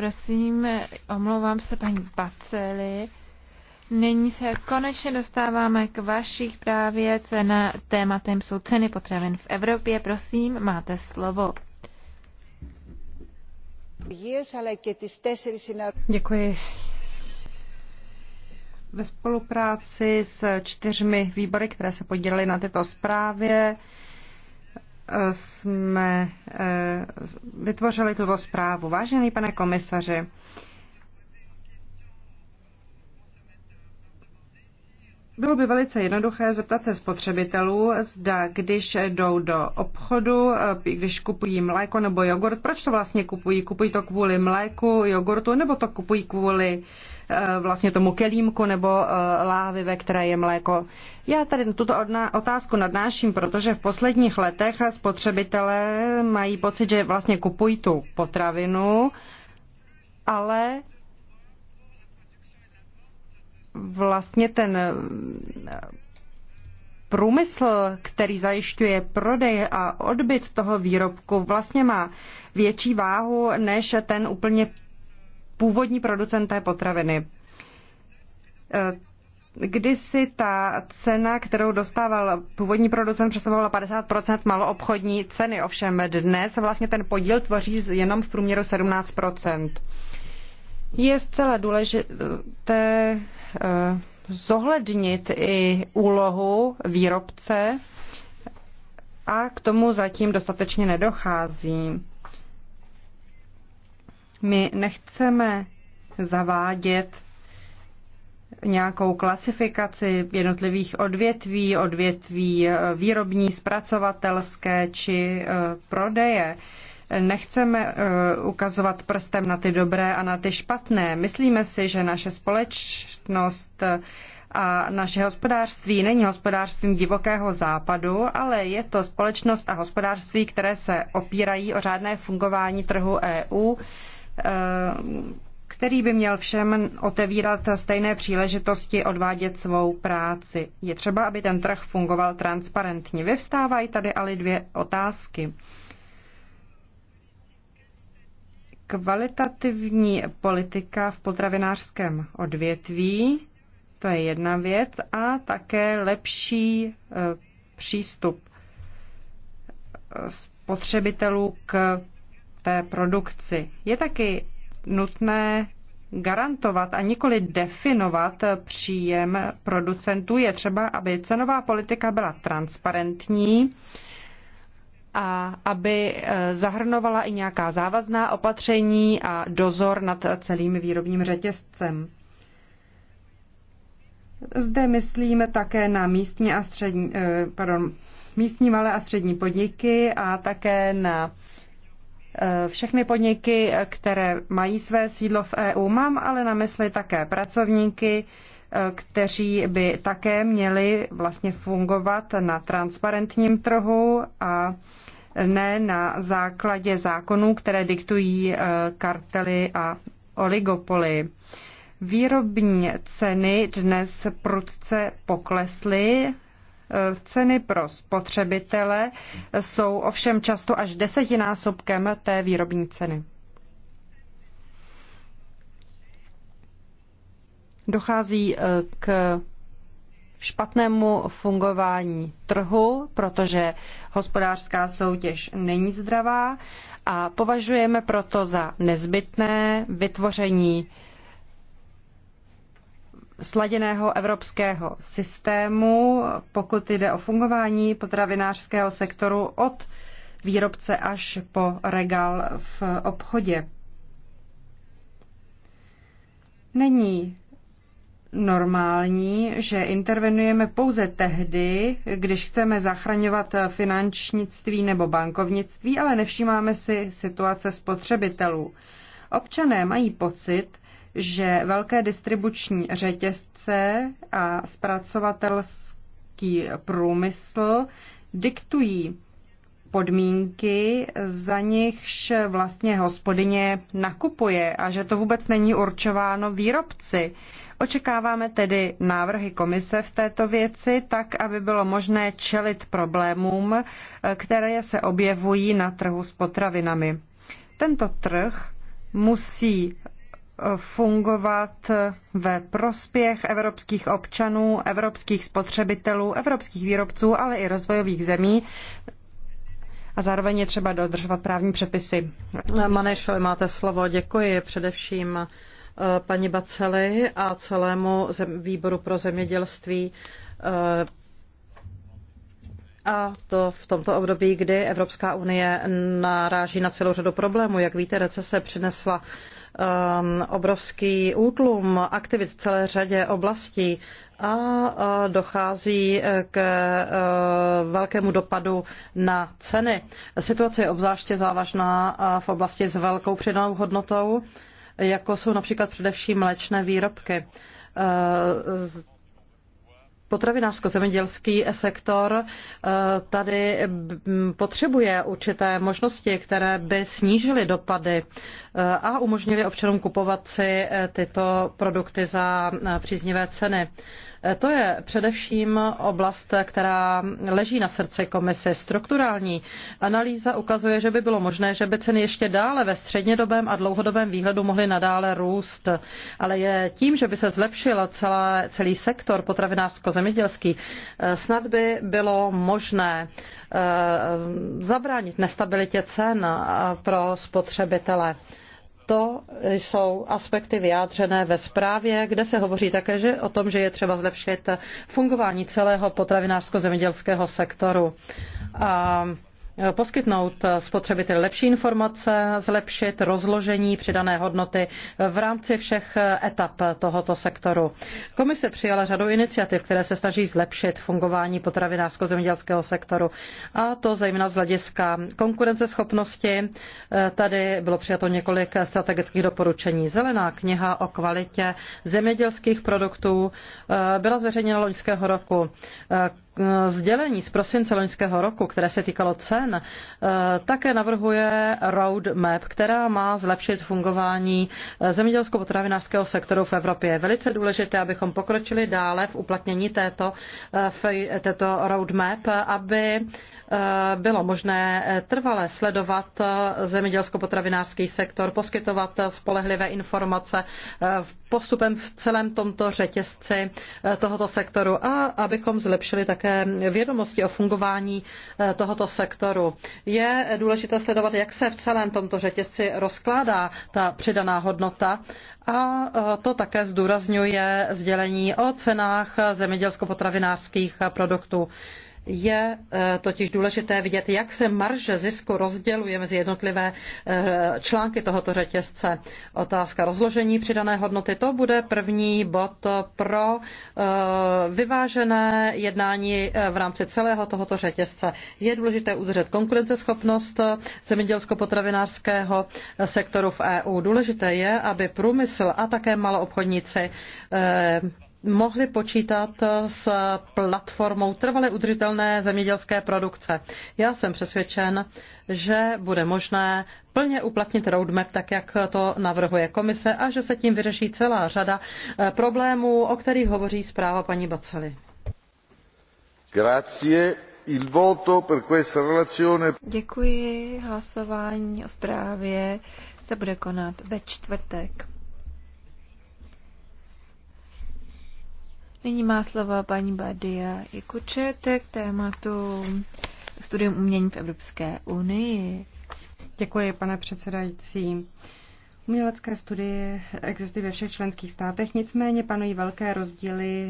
Prosím, omlouvám se paní Paceli. Nyní se konečně dostáváme k vašich právě cena, tématem jsou ceny potravin v Evropě. Prosím, máte slovo. Děkuji. Ve spolupráci s čtyřmi výbory, které se podílely na této zprávě, jsme eh, vytvořili tuto zprávu. Vážený pane komisaři, Bylo by velice jednoduché zeptat se spotřebitelů, zda když jdou do obchodu, eh, když kupují mléko nebo jogurt, proč to vlastně kupují? Kupují to kvůli mléku, jogurtu, nebo to kupují kvůli Eh, vlastně tomu kelímku nebo eh, láhvi, ve které je mléko. Já tady tuto otázku nadnáším, protože v posledních letech spotřebitelé mají pocit, že vlastně kupují tu potravinu, ale vlastně ten eh, průmysl, který zajišťuje prodej a odbyt toho výrobku, vlastně má větší váhu než ten úplně původní producent té potraviny. Eh, kdysi ta cena, kterou dostával původní producent, představovala 50% maloobchodní ceny, ovšem dnes vlastně ten podíl tvoří jenom v průměru 17%. Je zcela důležité eh, zohlednit i úlohu výrobce a k tomu zatím dostatečně nedochází. My nechceme zavádět nějakou klasifikaci jednotlivých odvětví, odvětví eh, výrobní, zpracovatelské či eh, prodeje. Nechceme eh, ukazovat prstem na ty dobré a na ty špatné. Myslíme si, že naše společnost a naše hospodářství není hospodářstvím divokého západu, ale je to společnost a hospodářství, které se opírají o řádné fungování trhu EU, Eh, který by měl všem otevírat stejné příležitosti odvádět svou práci. Je třeba, aby ten trh fungoval transparentně. Vyvstávají tady ale dvě otázky. Kvalitativní politika v potravinářském odvětví, to je jedna věc, a také lepší eh, přístup eh, spotřebitelů k té produkci. Je taky nutné garantovat a nikoli definovat příjem producentů. Je třeba, aby cenová politika byla transparentní a aby e, zahrnovala i nějaká závazná opatření a dozor nad celým výrobním řetězcem. Zde myslíme také na místní, a střední, e, pardon, místní malé a střední podniky a také na Eh, všechny podniky, které mají své sídlo v EU. Mám ale na mysli také pracovníky, eh, kteří by také měli vlastně fungovat na transparentním trhu a ne na základě zákonů, které diktují eh, kartely a oligopoly. Výrobní ceny dnes prudce poklesly Ceny pro spotřebitele jsou ovšem často až desetinásobkem té výrobní ceny. Dochází e, k špatnému fungování trhu, protože hospodářská soutěž není zdravá a považujeme proto za nezbytné vytvoření sladěného evropského systému, pokud jde o fungování potravinářského sektoru od výrobce až po regál v obchodě. Není normální, že intervenujeme pouze tehdy, když chceme zachraňovat finančnictví nebo bankovnictví, ale nevšímáme si situace spotřebitelů. Občané mají pocit, že velké distribuční řetězce a zpracovatelský průmysl diktují podmínky, za nichž vlastně hospodyně nakupuje a že to vůbec není určováno výrobci. Očekáváme tedy návrhy komise v této věci, tak aby bylo možné čelit problémům, které se objevují na trhu s potravinami. Tento trh musí fungovat ve prospěch evropských občanů, evropských spotřebitelů, evropských výrobců, ale i rozvojových zemí. A zároveň je třeba dodržovat právní předpisy. Manešovi máte slovo. Děkuji především eh, paní Baceli a celému výboru pro zemědělství eh, a to v tomto období, kdy Evropská unie naráží na celou řadu problémů. Jak víte, recese přinesla um, obrovský útlum aktivit v celé řadě oblastí a dochází k uh, velkému dopadu na ceny. Situace je obzvláště závažná v oblasti s velkou přidanou hodnotou, jako jsou například především mléčné výrobky uh, potravinářsko-zemědělský sektor eh, tady potřebuje určité možnosti, které by snížily dopady eh, a umožnily občanům kupovat si eh, tyto produkty za příznivé ceny. Eh, to je především oblast, která leží na srdci komise. Strukturální analýza ukazuje, že by bylo možné, že by ceny ještě dále ve střednědobém a dlouhodobém výhledu mohly nadále růst. Ale je tím, že by se zlepšil celé, celý sektor potravinářsko-zemědělský, eh, snad by bylo možné eh, zabránit nestabilitě cen pro spotřebitele to jsou aspekty vyjádřené ve zprávě, kde se hovoří také že o tom, že je třeba zlepšit fungování celého potravinářsko-zemědělského sektoru. A Eh, poskytnout eh, spotřebiteli lepší informace, zlepšit rozložení přidané hodnoty eh, v rámci všech etap tohoto sektoru. Komise přijala řadu iniciativ, které se snaží zlepšit fungování potravinářsko-zemědělského sektoru, a to zejména z hlediska konkurenceschopnosti. Tady bylo přijato několik strategických doporučení. Zelená kniha o kvalitě zemědělských produktů byla zveřejněna loňského roku. Eh, sdělení z prosince loňského roku, které se týkalo cen, eh, také navrhuje roadmap, která má zlepšit fungování eh, zemědělsko-potravinářského sektoru v Evropě. Je velice důležité, abychom pokročili dále v uplatnění této, této roadmap, aby Eh, bylo možné eh, trvale sledovat eh, zemědělsko-potravinářský sektor, poskytovat spolehlivé informace v postupem v celém tomto řetězci tohoto sektoru a abychom zlepšili také vědomosti o fungování tohoto sektoru. Je důležité sledovat, jak se v celém tomto řetězci rozkládá ta přidaná hodnota a to také zdůrazňuje sdělení o cenách zemědělsko-potravinářských produktů. Je eh, totiž důležité vidět, jak se marže zisku rozděluje mezi jednotlivé eh, články tohoto řetězce. Otázka rozložení přidané hodnoty, to bude první bod pro eh, vyvážené jednání v rámci celého tohoto řetězce. Je důležité udržet konkurenceschopnost zemědělsko-potravinářského sektoru v EU. Důležité je, aby průmysl a také maloobchodníci mohli počítat s platformou trvale udržitelné zemědělské produkce. Já jsem přesvědčen, že bude možné plně uplatnit roadmap, tak jak to navrhuje komise, a že se tím vyřeší celá řada eh, problémů, o kterých hovoří zpráva paní Bacely. Grazie. Il voto per questa relazione. Děkuji. Hlasování o zprávě se bude konat ve čtvrtek. Nyní má slova paní Badia Ikučet k tématu studium umění v Evropské unii. Děkuji, pane předsedající. Umělecké studie existují ve všech členských státech, nicméně panují velké rozdíly